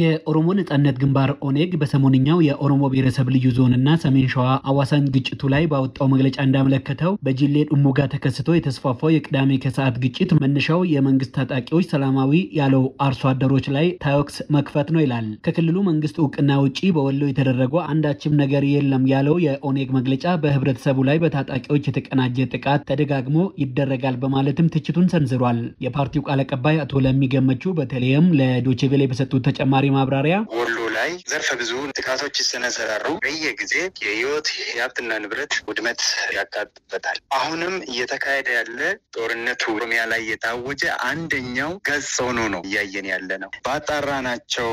የኦሮሞ ነጻነት ግንባር ኦኔግ በሰሞንኛው የኦሮሞ ብሔረሰብ ልዩ ዞንና ሰሜን ሸዋ አዋሳኝ ግጭቱ ላይ ባወጣው መግለጫ እንዳመለከተው በጅሌ ዱሙጋ ተከስቶ የተስፋፋው የቅዳሜ ከሰዓት ግጭት መነሻው የመንግስት ታጣቂዎች ሰላማዊ ያለው አርሶ አደሮች ላይ ታክስ መክፈት ነው ይላል። ከክልሉ መንግስት እውቅና ውጪ በወሎ የተደረገ አንዳችም ነገር የለም ያለው የኦኔግ መግለጫ በህብረተሰቡ ላይ በታጣቂዎች የተቀናጀ ጥቃት ተደጋግሞ ይደረጋል በማለትም ትችቱን ሰንዝሯል። የፓርቲው ቃል አቀባይ አቶ ለሚ ገመቹ በተለይም ለዶቼ ቬለ በሰጡት ተጨማሪ Prima abraria. ላይ ዘርፈ ብዙ ጥቃቶች ይሰነዘራሩ። በየጊዜ የህይወት የሀብትና ንብረት ውድመት ያጋጥበታል። አሁንም እየተካሄደ ያለ ጦርነቱ ኦሮሚያ ላይ የታወጀ አንደኛው ገጽ ሆኖ ነው እያየን ያለ ነው። ባጣራ ናቸው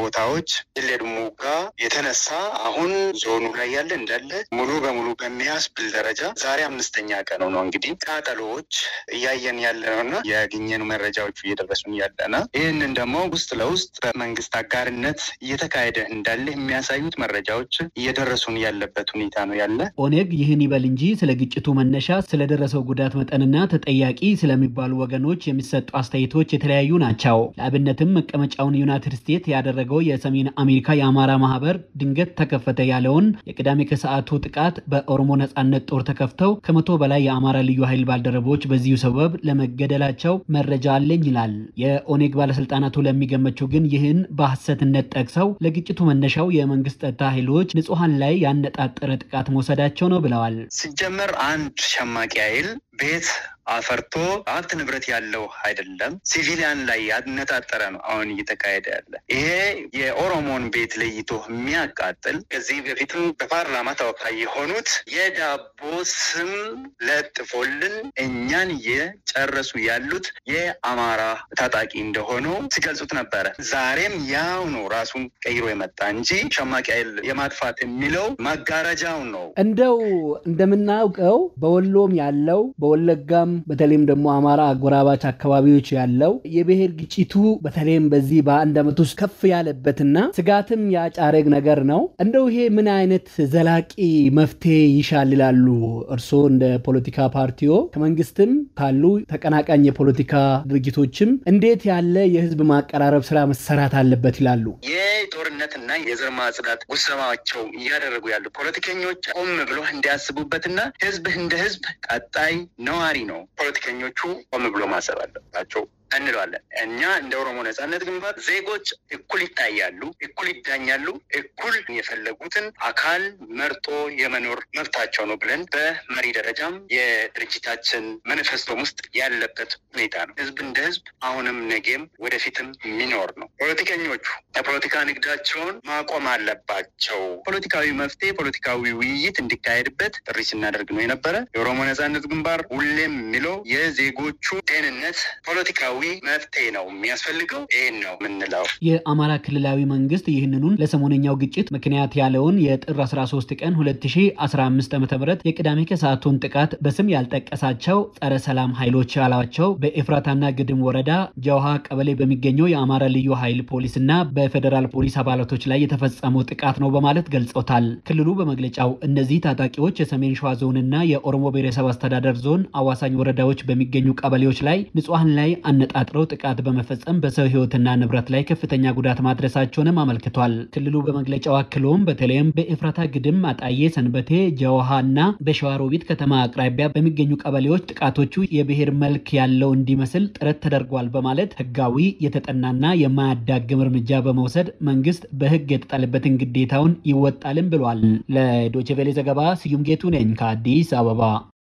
ቦታዎች ሌድሙጋ የተነሳ አሁን ዞኑ ላይ ያለ እንዳለ ሙሉ በሙሉ በሚያስብል ደረጃ ዛሬ አምስተኛ ቀን ነው እንግዲህ ቃጠሎዎች እያየን ያለ ነው እና ያገኘኑ መረጃዎቹ እየደረሱን ያለ ነው። ይህንን ደግሞ ውስጥ ለውስጥ በመንግስት አጋርነት እየተካሄደ እንዳለ የሚያሳዩት መረጃዎች እየደረሱን ያለበት ሁኔታ ነው ያለ። ኦኔግ ይህን ይበል እንጂ ስለ ግጭቱ መነሻ፣ ስለደረሰው ጉዳት መጠንና ተጠያቂ ስለሚባሉ ወገኖች የሚሰጡ አስተያየቶች የተለያዩ ናቸው። ለአብነትም መቀመጫውን ዩናይትድ ስቴትስ ያደረገው የሰሜን አሜሪካ የአማራ ማህበር ድንገት ተከፈተ ያለውን የቅዳሜ ከሰዓቱ ጥቃት በኦሮሞ ነጻነት ጦር ተከፍተው ከመቶ በላይ የአማራ ልዩ ኃይል ባልደረቦች በዚሁ ሰበብ ለመገደላቸው መረጃ አለኝ ይላል። የኦኔግ ባለስልጣናቱ ለሚገመችው ግን ይህን በሐሰትነት ጠቅስ ጠቅሰው ለግጭቱ መነሻው የመንግስት ጸጥታ ኃይሎች ንጹሐን ላይ ያነጣጠረ ጥቃት መውሰዳቸው ነው ብለዋል። ሲጀመር አንድ ሸማቂ ኃይል ቤት አፈርቶ ሀብት ንብረት ያለው አይደለም፣ ሲቪሊያን ላይ ያነጣጠረ ነው አሁን እየተካሄደ ያለ። ይሄ የኦሮሞን ቤት ለይቶ የሚያቃጥል ከዚህ በፊትም በፓርላማ ተወካይ የሆኑት የዳቦ ስም ለጥፎልን እኛን እየጨረሱ ያሉት የአማራ ታጣቂ እንደሆኑ ሲገልጹት ነበረ። ዛሬም ያው ነው ራሱን ቀይሮ የመጣ እንጂ ሸማቂ ኃይል የማጥፋት የሚለው መጋረጃው ነው። እንደው እንደምናውቀው በወሎም ያለው በወለጋም በተለይም ደግሞ አማራ አጎራባች አካባቢዎች ያለው የብሔር ግጭቱ በተለይም በዚህ በአንድ ዓመት ውስጥ ከፍ ያለበትና ስጋትም ያጫረግ ነገር ነው። እንደው ይሄ ምን አይነት ዘላቂ መፍትሄ ይሻል ይላሉ እርስዎ እንደ ፖለቲካ ፓርቲዎ? ከመንግስትም ካሉ ተቀናቃኝ የፖለቲካ ድርጅቶችም እንዴት ያለ የህዝብ ማቀራረብ ስራ መሰራት አለበት ይላሉ? የጦርነትና የዘር ማጽዳት ጉሰማቸው እያደረጉ ያሉ ፖለቲከኞች ቆም ብሎ እንዲያስቡበትና ህዝብ እንደ ህዝብ ቀጣይ ነዋሪ ነው ፖለቲከኞቹ ቆም ብሎ ማሰብ አለባቸው። እንለዋለን። እኛ እንደ ኦሮሞ ነጻነት ግንባር ዜጎች እኩል ይታያሉ፣ እኩል ይዳኛሉ፣ እኩል የፈለጉትን አካል መርጦ የመኖር መብታቸው ነው ብለን በመሪ ደረጃም የድርጅታችን መንፈስቶም ውስጥ ያለበት ሁኔታ ነው። ህዝብ እንደ ህዝብ አሁንም ነገም ወደፊትም የሚኖር ነው። ፖለቲከኞቹ የፖለቲካ ንግዳቸውን ማቆም አለባቸው። ፖለቲካዊ መፍትሄ፣ ፖለቲካዊ ውይይት እንዲካሄድበት ጥሪ ስናደርግ ነው የነበረ። የኦሮሞ ነጻነት ግንባር ሁሌም የሚለው የዜጎቹ ደህንነት ፖለቲካዊ ህጋዊ መፍትሄ ነው የሚያስፈልገው። ይህን ነው የምንለው። የአማራ ክልላዊ መንግስት ይህንኑን ለሰሞነኛው ግጭት ምክንያት ያለውን የጥር 13 ቀን 2015 ዓ ም የቅዳሜ ከሰዓቱን ጥቃት በስም ያልጠቀሳቸው ጸረ ሰላም ኃይሎች ያላቸው በኤፍራታና ግድም ወረዳ ጀውሃ ቀበሌ በሚገኘው የአማራ ልዩ ኃይል ፖሊስና በፌዴራል ፖሊስ አባላቶች ላይ የተፈጸመው ጥቃት ነው በማለት ገልጾታል። ክልሉ በመግለጫው እነዚህ ታጣቂዎች የሰሜን ሸዋ ዞንና የኦሮሞ ብሔረሰብ አስተዳደር ዞን አዋሳኝ ወረዳዎች በሚገኙ ቀበሌዎች ላይ ንጹሐን ላይ አነጣ አነጣጥረው ጥቃት በመፈጸም በሰው ሕይወትና ንብረት ላይ ከፍተኛ ጉዳት ማድረሳቸውንም አመልክቷል። ክልሉ በመግለጫው አክሎም በተለይም በኤፍራታ ግድም፣ አጣዬ፣ ሰንበቴ፣ ጀውሃ እና በሸዋሮቢት ከተማ አቅራቢያ በሚገኙ ቀበሌዎች ጥቃቶቹ የብሔር መልክ ያለው እንዲመስል ጥረት ተደርጓል በማለት ህጋዊ የተጠናና የማያዳግም እርምጃ በመውሰድ መንግስት በህግ የተጣለበትን ግዴታውን ይወጣልም ብሏል። ለዶችቬሌ ዘገባ ስዩም ጌቱ ነኝ ከአዲስ አበባ።